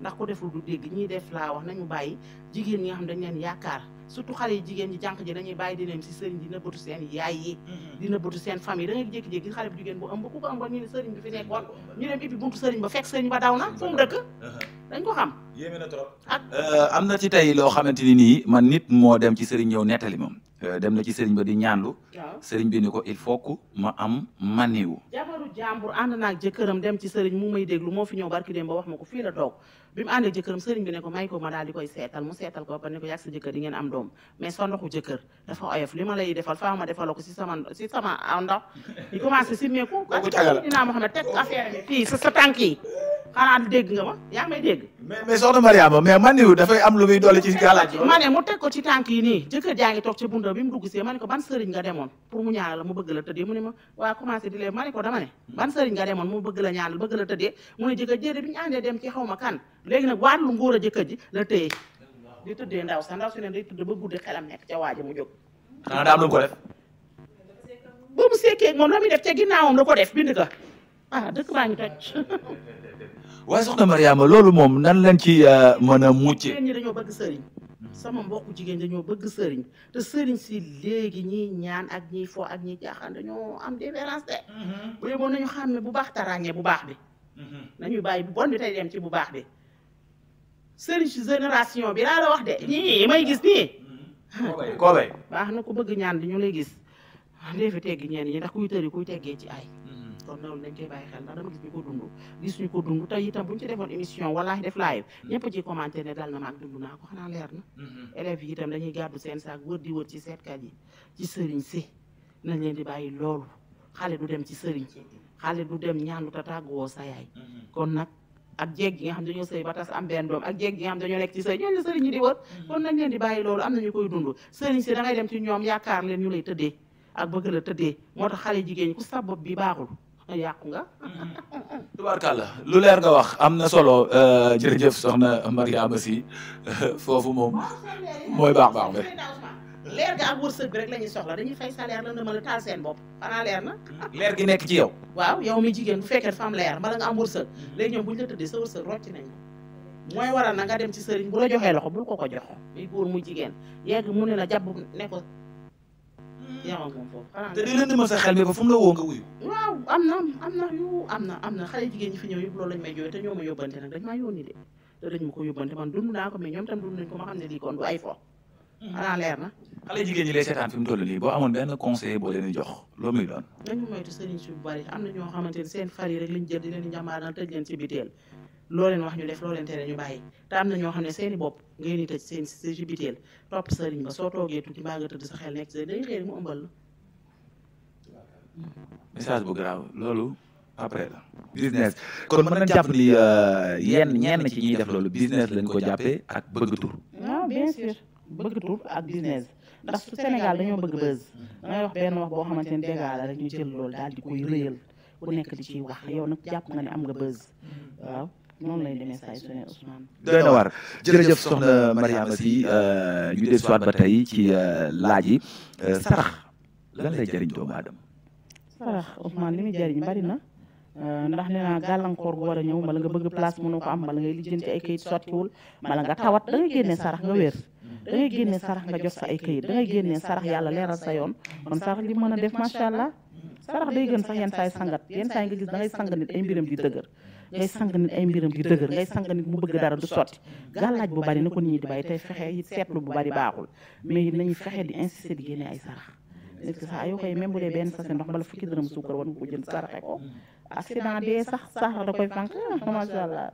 Speaker 1: ndax ku deful du dégg ñiy def laa wax nañu bàyyi jigéen ñi nga xam dañ leen yaakaar surtout xale yi jigéen ñi jànq ji dañuy bàyyi di dem si sëriñ di nëbbatu seen yaay yi mm-hmm. di seen famille da ngay jékki-jékki xale bu jigéen bu ëmb ku ko ëmboon ñu sëriñ bi fi nekkoon ñu dem ibbi buntu sëriñ ba fekk sëriñ ba daw na fu mu uh-huh. dañ ko xam
Speaker 2: yéeme na trop ak uh, am na ci tey loo xamante ni nii man nit moo dem ci sëriñ ñëw nettali moom uh, dem na ci sëriñ ba di ñaanlu sëriñ bi ni ko il faut que ma am maniwu
Speaker 1: jabaru jàmbur ànd naa jëkkëram dem ci sëriñ mu may déglu moo fi ñëw barki dem ba wax ma ko fii la toog bi mu àndee jëkkëram sëriñ bi ne ko may ko ma daal di koy seetal mu seetal ko ba ne ko yàgg jëkkër di ngeen am doom mais sa jëkkër dafa oyof li ma defal faa defaloo ko si sama si sama ndox yi commencé tànk yi xanaa dégg nga ma yaa may dégg mais
Speaker 2: soxna Mariama mais man niwu dafay am lu muy dolli ci gàllaaj ma
Speaker 1: ne mu teg ko ci tànk yi nii jëkkër jaa ngi toog ci bunda bi mu dugg see ma ne ko ban sëriñ nga demoon pour mu ñaanal la mu bëgg la tëddee mu ne ma waa commencé di lee ma kan léegi nag waat lu ngóor a jëkkër ji la téye di tëddee ndaw sa ndaw si ne day tëdd ba guddee xelam nekk ca waaja mu jóg. xanaa daa am lu moom la muy def ginnaawam la ko def bind ka ah dëkk baa ngi toj.
Speaker 2: (laughs) waaye soxna loolu moom nan lañ ci euh, mën a mucc. jigéen
Speaker 1: ñi dañoo bëgg sëriñ sama mbokku jigéen dañoo bëgg sëriñ te sëriñ si léegi ñiy ñaan ak ñiy fo ak ñiy jaaxaan dañoo am différence mhm. bu yeboon nañu xam ne bu baax taraange bu baax bi. Mhm. nañuy bàyyi bu bon bi tey dem ci bu baax bi. sëriñ si génération bi laa la wax de ñii may gis nii. koobay baax na ku bëgg ñaan di ñu lay gis. Ah, dee fi teggi ñeen ñi ndax kuy tëri kuy teggee ci ay. Mm-hmm. kon loolu dañ koy bàyyi xel ndax dama gis ñu ko dund gis ñu ko dund te itam bu ñu ci defoon émission wallaahi def live mm-hmm. ñëpp ci commenté ne dal na ma ak naa ko xanaa leer na. Mm-hmm. élèves yi itam dañuy gàddu seen saak wër di wër ci seetkat yi ci sëriñ si na leen di bàyyi loolu xale du dem ci sëriñ xale du dem ñaanu te tàgguwoo sa yaay ak jéeg yi nga xam dañoo sëy ba tas am benn doom ak jéeg yi nga xam dañoo nekk ci sëy ñooñu la sëriñ yi di wër mm-hmm. kon nañ leen di bàyyi loolu am nañu koy dund sëriñ si da ngay dem ci ñoom yaakaar leen ñu lay tëddee ak bëgg la tëddee moo tax xale jigéen ñi ku sa bopp bi baaxul yàqu nga mm-hmm.
Speaker 2: tubaarkàlla lu leer nga wax am na solo euh, jërëjëf soxna Mariama si (laughs) foofu moom mooy baax baax bi
Speaker 1: leer ga ak wërsëg bi rek la soxla dañuy fay sa leer lan la mën taal seen bopp xanaa leer na. Hmm.
Speaker 2: leer gi nekk ci yow.
Speaker 1: waaw yow mi jigéen bu fekkee dafa am leer mbala nga am wërsëg hmm. léegi bu ñu la tëddee sa wërsëg rocc nañ ko mooy waral na nga dem ci sëriñ bu la joxee loxo bul ko ko jox muy góor jigéen yegg mu ne la jàpp ne ko. Hmm. yaa moom foofu xanaa. sa xel mi ba fu mu la woo nga wuyu. waaw am na am na yu am na am na xale jigéen ñi fi ñëw yëpp loolu lañ may jooy te ñoo yóbbante nag dañ maa yónni de dañ ma ko yóbbante man dund naa ko mais ñoom tam dund nañ ko ma xam ne lii kon du ay fo xanaa leer na. xale
Speaker 2: jigéen ñi lay seetaan fi mu nii boo amoon benn conseil boo leen di jox loo muy doon.
Speaker 1: dañu moytu sëriñ si bu bari am na ñoo xamante ni seen far yi rek lañ jël di leen njàmbaanal tëj leen ci biteel ñu def loo leen tere ñu na ñoo xam ne seen i bopp ngeen di tëj seen ci soo toogee tuuti mbaa nga tëdd sa xel nekk si day xëy mu ëmbal la.
Speaker 2: message bu grave loolu après la. business kon mën nañu jàpp ni euh, yenn ñenn ci def loolu business lañ ko jàppee ak bëgg tur.
Speaker 1: waaw ah, bien sûr. bëgg tur ak business ndax su Sénégal dañoo bëgg buzz dangay wax benn wax boo xamante ne dégg la rek ñu jël daal di koy rëyal ku nekk di ciy wax yow nag jàpp nga ne am nga buzz waaw noonu lay demee saa su ne Ousmane.
Speaker 2: doy na waar jërëjëf soxna Mariama Sy euh, euh, ñu del soit ba tey ci euh, laaj yi sarax lan lay jëriñ doomu aadama.
Speaker 1: sarax Ousmane li muy jëriñ na. Euh, ndax nee naa gàllankoor gu war a ñëw mbala nga bëgg place mënoo ko am mbala ngay lijjanti ay kayit sottiwul mbala nga tawat da ngay génnee sarax nga wér da ngay génnee sarax nga jot sa ay kayit leeral sa yoon kon sarax li mën a def macha allah sarax day gën sax yenn saay sangat yenn saay nga gis da ngay sang nit ay mbiram di dëgër ngay sang nit ay mbiram di dëgër ngay sang nit mu bëgg dara du bari na ko nit ñi di bu bari baaxul mais it nañuy fexe di insister di génnee ay sarax nit bu dee benn sase ndox mbala fukki dërëm suukar war nga ko jënd saraxe ko accident dee sax sax da koy fànq macha allah.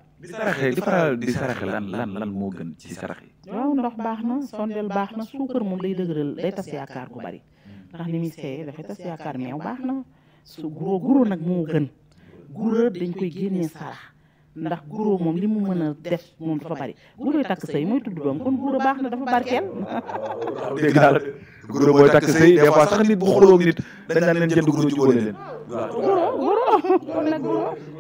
Speaker 2: di saraxe di lan lan lan moo gën ci saraxe.
Speaker 1: waaw ndox baax na sondeel baax na suukar moom day dëgëral day tas yaakaar gu bari. ndax ni muy seeyee dafay tas yaakaar meew baax na su guro guro nag moo gën. guro dañ koy génnee sarax ndax guro moom li mu mën a def moom dafa bari guroy takk sëy mooy tudd doom kon guro baax na dafa barkeel.
Speaker 2: waaw (laughs) dégg naa la guro booy takk sëy des guro jubóole leen.
Speaker 1: kon nag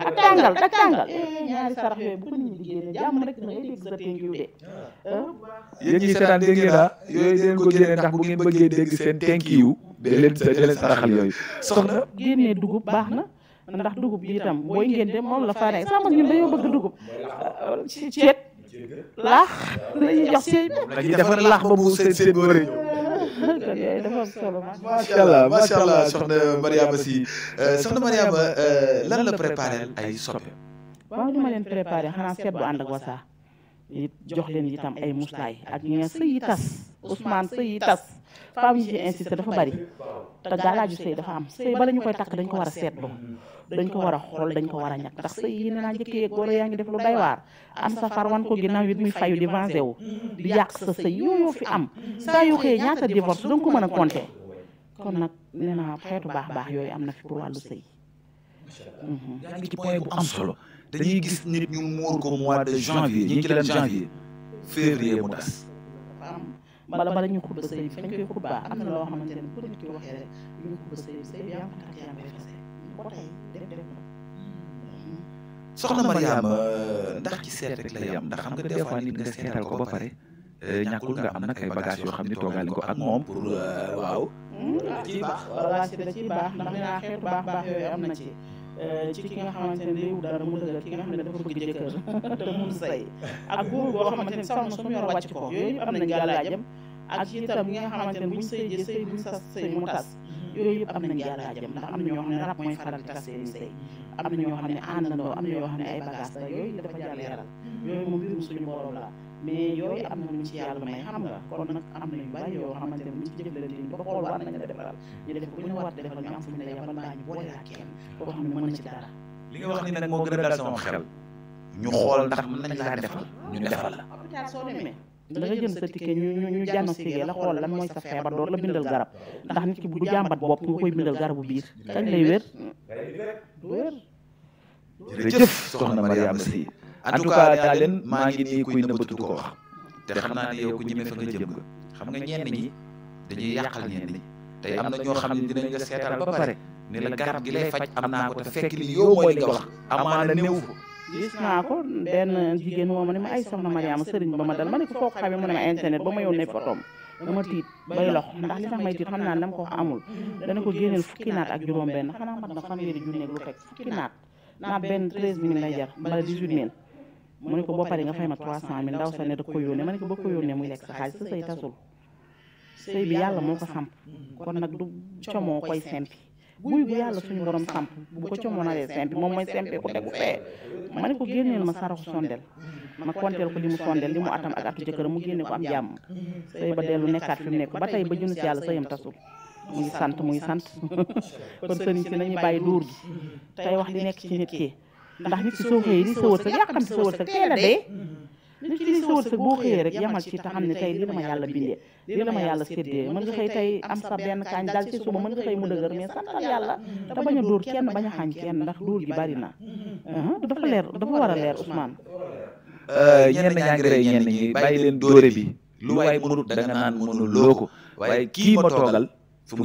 Speaker 1: ak tàngal ak eh, eh, ñaari sarax yooyu bu ko nit ñi ne jàmm rek na ngay dégg sa tenkiw de ah. Ah.
Speaker 2: yéen ñi seetaan dégg ngeen ah, yooyu deen ko génne ndax bu ngeen bëggee dégg seen tenkiw de leen de yooyu
Speaker 1: soxna génnee dugub baax na ndax dugub yi itam booy ngeen de moom la fa nekk sàmm ñun dañoo bëgg dugub ceet laax la ñuy jox ceet la laax boobu seen seen bëree dafa solo macha allah macha allah
Speaker 2: soxna Mariama si eh, eh, soxna Mariama eh, lan la préparé ay soppe.
Speaker 1: waaw li ma leen préparé xanaa seet bu ànd ak wasaa jox leen itam ay muslaay ak ñi sëy yi tas sëy yi tas femme yi ci insisté dafa bari te galaaju sëy dafa am sëy bala ñu koy takk dañ ko war a seetlu dañ ko war a xool dañ ko war a ñàkk ndax sëy yi ne naa njëkkee góor yaa ngi def lu doy waar am sa far wan ko ginnaaw it muy fayu di vengé wu di sa sëy yooyu fi am saa yu ñaata divorce danga ko mën a compter kon nag nee naa xeetu baax baax yooyu am na fi pour wàllu sëy mhm. yaa ngi ci bu am solo dañuy gis
Speaker 2: nit ñu muur ko mois de janvier ñi ngi ci leen janvier février mu tas
Speaker 1: bala bala ñu xubba sëy fañ koy xubbaa am na loo xamante ne pour nit ki waxee rek lu ñu xubba sëy sëy bi yaa ngi ko takk yaa ngi koy fase ko tey def def na
Speaker 2: soxna Mariama ndax ci seet rek la yam ndax xam nga des fois nit nga seetal ko ba pare eh, ñàkkul nga am nag ay bagage yoo xam ne toogaale ko ak moom pour
Speaker 1: waaw euh, mm, ah, ci baax wala ci da ci baax ndax nee naa xeetu baax baax yooyu am na ci euh, ci ki nga xamante ne day wut dara mu dëgër ki nga xam ne dafa bëgg jëkkër (laughs) te mun say ak góor goo xamante ne soxna su mu yor wàcc ko yooyu am nañ gàllaajam ak ci itam ñi nga xamante ne buñ sëy ji sëy buñ sas sëy mu tas yooyu yëpp am nañ yàllaa jëm xam ne rab mooy faral tas seen sëy am ne àndandoo am na yoo la yooyu dafa jar am na lu ci may xam nga kon nag am nañu yoo xamante ne bu ñu ci jëflanteen ba xool war nañ la defaral ñu def ko bu ñu war defal ñu am fu na
Speaker 2: ci wax ni nag moo gën a dal sama xel ñu xool ndax mën nañ laa defal ñu defal
Speaker 1: la soo demee da nga jënd sa ticket ñu ñu diagnostiqué la xool lan mooy sa feebar door la bindal garab ndax nit ki bu jàmbat bopp nga koy bindal garabu biir kañ lay wér
Speaker 2: wér jërëjëf soxna Mariama si en tout cas daa leen maa ngi nii kuy nëbbatu ko wax te xam naa ne yow ku ñemee fa nga jëm nga xam nga ñenn ñi dañuy yàqal ñenn ñi tey am na ñoo xam ne dinañ la seetal ba pare ne la garab gi lay faj am naa ko te fekk li yow mooy nga wax amaana néew fa
Speaker 1: gis naa ko benn jigéen moo ma ne ma ay soxna Mariama sëriñ ba ma dal ma ne ko foo xamee mu ne ma internet ba ma yónnee fotoom
Speaker 2: dama tiit bay lox
Speaker 1: fukki naat ak juróom benn xanaa mat na fanweeri junni ak fukki naat naat benn 13000 lay jar mbala 18000
Speaker 2: mu ne ko boo paree nga fay ma
Speaker 1: 300000 ndaw sa ne da ko yónnee ba ko muy lekk sa xaalis sa sëy tasul bi yàlla moo ko samp kon nag du comoo koy sempi guy bu yàlla suñu borom samp bu ko comonalee simpi moom mooy simpi ko tegu fee ma ne ko génneel ma saraxu sondel ma konteel ko li mu sondel li mu atam ak atu jëkkëram mu génne ko am jàmm sëy ba dellu nekkaat fi mu nekk ba tey ba jënu si yàlla sëyam tasul muy sant muy sant (laughs) kon sëriñ nañu bàyyi duur gi wax li nekk ci nit ki ndax nit ki soo xëyee li sa wërsëg yàkkamti sa wërsëg teel a dee nit ki li si wërsëg boo xëyee rek yamal ci te ne tey lii la ma yàlla bindee lii la ma yàlla séddee mën nga xëy tey am sa benn kaañ dal ci suba mën nga xëy mu dëgër mais santal yàlla mm-hmm. te bañ a kenn bañ a xaañ kenn ndax dóor gi mm-hmm. uh-huh. dafa leer dafa war a leer Ousmane
Speaker 2: uh, ñi bàyyi leen dóore bi lu waay mënut da nga naan mënul loo ko waaye kii ma toogal fu mu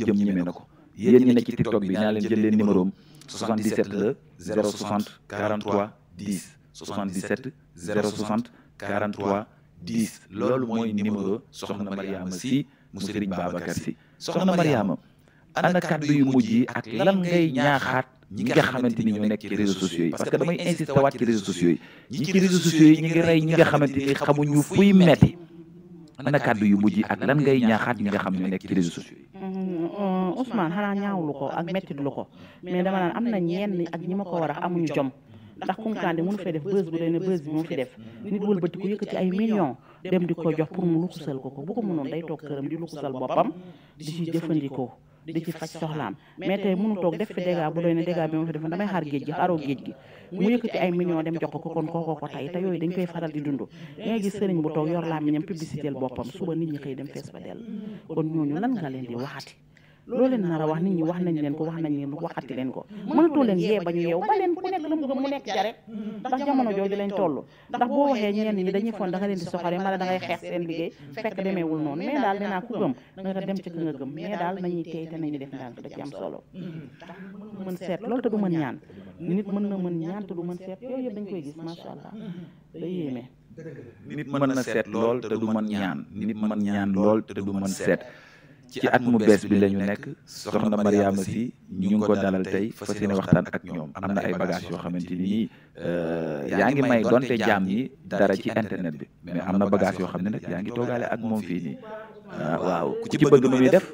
Speaker 2: jëm ñeme na ko yéen ne ci TikTok bi naa leen jël leen numéro am 77 la 060 43 77 060 43 10 loolu mooy numéro soxna Mariama si mu Serigne Babacar si soxna Mariama ana kàddu yu mujj yi ak lan ngay ñaaxaat ñi nga xamante ni nekk ci sociaux yi parce que damay insisté waat ci sociaux yi ñi ci rey ñi nga xamante xamuñu fuy metti ana kàddu yu mujj ak lan ngay ñaaxaat ñi nga xam ñu nekk ci sociaux
Speaker 1: yi xanaa ñaawlu ko ak mettitlu ko mais naan am na ñenn ak ñi ko war a amuñu jom ndax Kounkandé mënu fee def bës bu dee ne bës bi mu fi def nit wëlbati ko yëkkati ay millions dem di ko jox pour mu luxusal ko ko bu ko mënoon day toog këram di luxusal boppam di ci jëfandikoo di ci faj soxlaam mais tey toog def fi dégâts bu doy ne dégâts bi mu fi def damay xaar géej gi mu yëkkati ay millions dem jox ko kon kookoo ko tey te yooyu dañ koy faral di dund ngay gis sëriñ bu toog yor làmmiñam publicité boppam suba nit ñi xëy dem fees ba dell kon ñooñu loo leen nar a wax nit ñi wax nañ leen ko wax nañ leen ko waxati leen ko mënatoo leen yee ba yeew ba leen ku nekk la mu gëm mu nekk ca rek mm-hmm. ndax jamono jooju lañ toll ndax boo waxee ñenn ñi dañuy foon da da ngay xeex seen liggéey fekk demeewul noonu mais daal dinaa ku gëm nga dem ci ki nga gëm mais daal nañuy tey te nañu def ndànk da ci solo mën mm-hmm. mën na mën ñaan te du mën seet yooyu yëpp dañ mm-hmm.
Speaker 2: na seet lool te du mën ñaan nit mën ñaan lool te du mën seet ci at mu bees bi la ñu nekk soxna Mariama si ñu ngi ko dalal tey fas yéene waxtaan ak ñoom am na ay bagage yoo xamante euh, yaa ngi may donte jaam yi dara ci internet bi mais am na bagage yoo xam ne nag yaa ngi toogaale ak moom fii nii ah, waaw ci bëgg nu muy def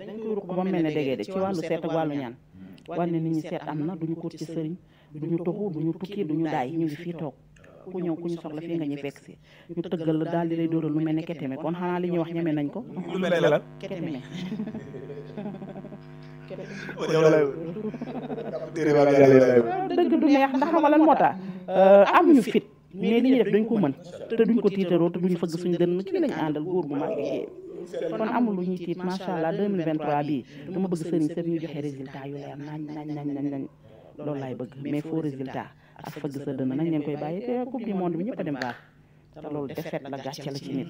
Speaker 1: ba mu mel de ci wàllu seet ak wàllu ñaan hmm. wan ne nit seet am na duñu kuut ci sëriñ duñu toxu duñu tukki duñu daay ñu ngi fii toog ku ñëw ku ñu soxla fii nga ñu fekk si ñu tëggal la daal di lay dóoral lu mel ne keteme kon xanaa li ñuy wax ñeme nañ ko lu mel ne lan keteme (laughs) ah, dëgg du ndax xam nga lan moo tax euh, am ñu fit mais li ñuy dañ ko mën te duñ ko tiitaroo te duñ fëgg suñu dënn kii lañ àndal góor bu mag kon amul lu ñuy tiit macha allah 2023 bii dama bëgg sëriñ sëriñ ñu joxe résultat yu leer nañ nañ nañ nañ bëgg mais faux résultat ak fëgg sa dënn nag ñu koy bàyyi te coupe du monde bi ñëpp a dem baax te loolu defet la gàcce la ci nit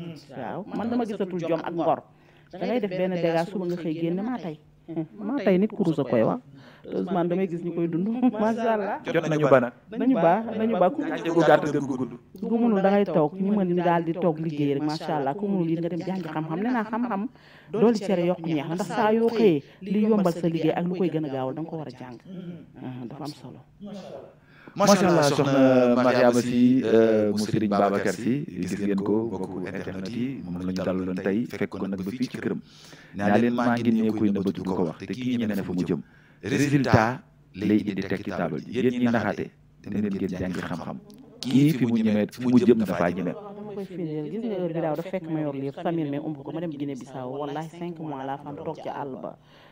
Speaker 1: man dama gisatul jom ak ngor da ngay def benn dégât suba nga xëy génne maa tey a nañu ba nag nañu ba nañu ba ku gu gàtt
Speaker 2: gën
Speaker 1: da ngay toog ñu mën ñu daal di toog liggéey rek macha allah ku munul it nga dem jàngi xam-xam nee xam-xam dooli cere yokk ñeex la ndax saa li yombal sa liggéey ak lu koy gën a gaawal da ko war a jàng dafa am solo
Speaker 2: macha allah soxna Mariama si euh, euh, mu Serigne Babacar si gis ngeen ko mbokku internet yi moom la ñu dalaloon tey fekk ko nag ba fii ci këram naa leen maa ngi nee kuy nëbbatu du ko wax te kii ñeme na fa mu jëm résultat lay indi teg ci table ji yéen ñi naxaate dem leen ngeen jàngi xam-xam kii fi mu ñemee fi mu jëm ko
Speaker 1: ma dem Guinée Bissau wallahi cinq mois laa fam toog ci àll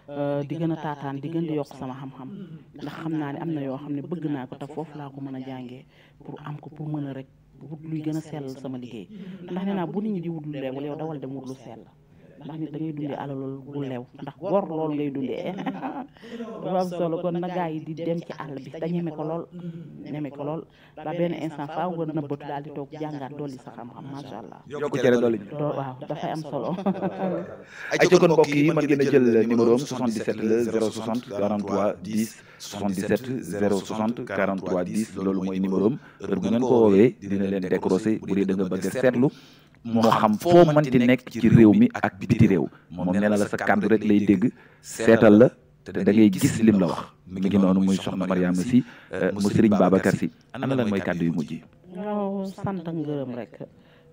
Speaker 1: Euh, euh, di gën a taataan di gën di yokk sama xam-xam ndax xam naa ne am na yoo xam ne bëgg naa ko te foofu laa ko mën a jànge pour am ko pour mën a rek wut luy gën a seel sama liggéey ndax nee naa bu nit ñi di wut lu leewul yow dawal dem wut seel sell ndax nit da ngay dundee alalul gu lew ndax gor lool ngay dundee (laughs) solo kon na gaa yi di dem ci àll bi te ñeme ko lool (laughs) ñeme ko lool ba benn instant faaw nga nëbbatu daal di toog jàngaat dolli sa xam-xam macha allah. yokku cere dolli ñu waaw dafay am solo. (laughs) ay kon mbokk yi mën ngeen a jël numéro am 77 la 060 43
Speaker 2: 10 77 060 43 loolu mooy numéro am ngeen ko woowee dina leen décroché bu dee da nga bëgg a seetlu. moo xam foo mënti nekk ci réew mi ak biti réew moo nee sa kàddu rek lay dégg seetal la te da ngay gis lim la wax mi ngi noonu muy soxna Mariama si eh, eh, mu Serigne baba si ana lan mooy kàddu yu mujj.
Speaker 1: waaw sant rek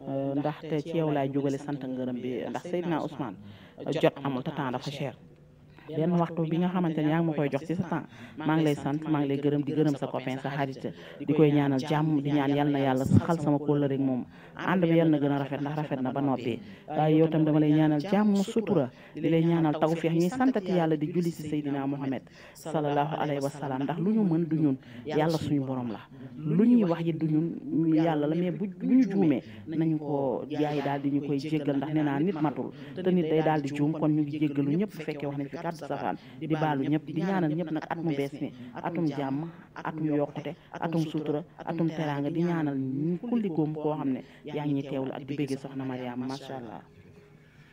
Speaker 1: eh, ndax ci yow laay jógale sant ngërëm bi ndax Seydina Ousmane jot amul te temps dafa cher. benn waxtu bi nga xamante ne yaa ngi ma koy jox ci sa temps maa ngi lay sant maa ngi lay gërëm di gërëm sa copain sa xarit di koy ñaanal jàmm di ñaan yal yàlla sama kóllëre ak moom ànd bi yal gën a rafet ndax rafet na ba noppi waaye tam dama lay ñaanal jàmm sutura di lay ñaanal tawfeex ñuy santati yàlla di julli ci Seydina Muhammad sallallahu alayhi wa ndax lu ñu mën du ñun yàlla suñu borom la lu ñuy wax yi du ñun yàlla la mais bu bu ñu juumee nañu ko jaay daal nañ safaan di baalu ñëpp di ñaanal ñëpp nag at mu bees mi atum jàmm atum yokkute atum sutura atum teraanga di ñaanal kulli góom koo xam ne yaa ngi teewlu ak di bëgg soxna Mariama macha allah.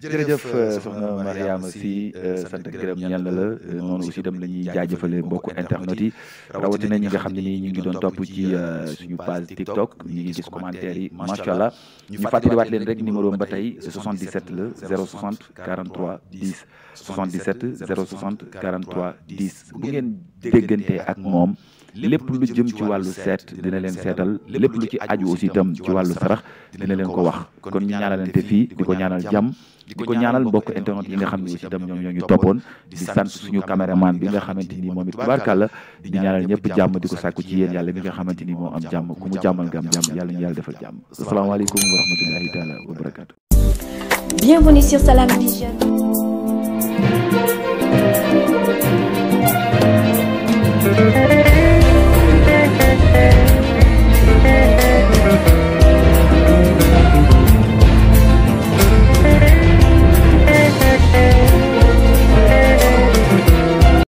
Speaker 2: jërëjëf euh, euh, soxna Mariama si euh, sant gërëm ñeel la noonu aussi dem la ñuy jaajëfale mbokku internet yi rawatina ñi nga xam ne nii ñu ngi doon topp ci suñu page TikTok ñu ngi gis commentaire yi macha allah ñu fàttaliwaat leen rek numéro ba tey 77 la 060 43 10 77 060 43 10 bu ngeen déggante ak moom. lépp lu jëm ci wàllu seet dina leen seetal lépp lu ci aju aussi itam ci wàllu sarax dina leen ko wax kon ñu ñaanalante fii di ko ñaanal jàmm di ko ñaanal mbokk internet yi nga xam ne aussi itam ñoom ñoo ñu toppoon di sant suñu caméraman bi nga xamante ni moom it tubaarkàlla di ñaanal ñëpp jàmm di ko sàkku ci yéen yàlla mi nga xamante ni moo am jàmm ku mu jàmmal nga am jàmm yàlla ñu yàlla defal jàmm asalaamaaleykum
Speaker 1: wa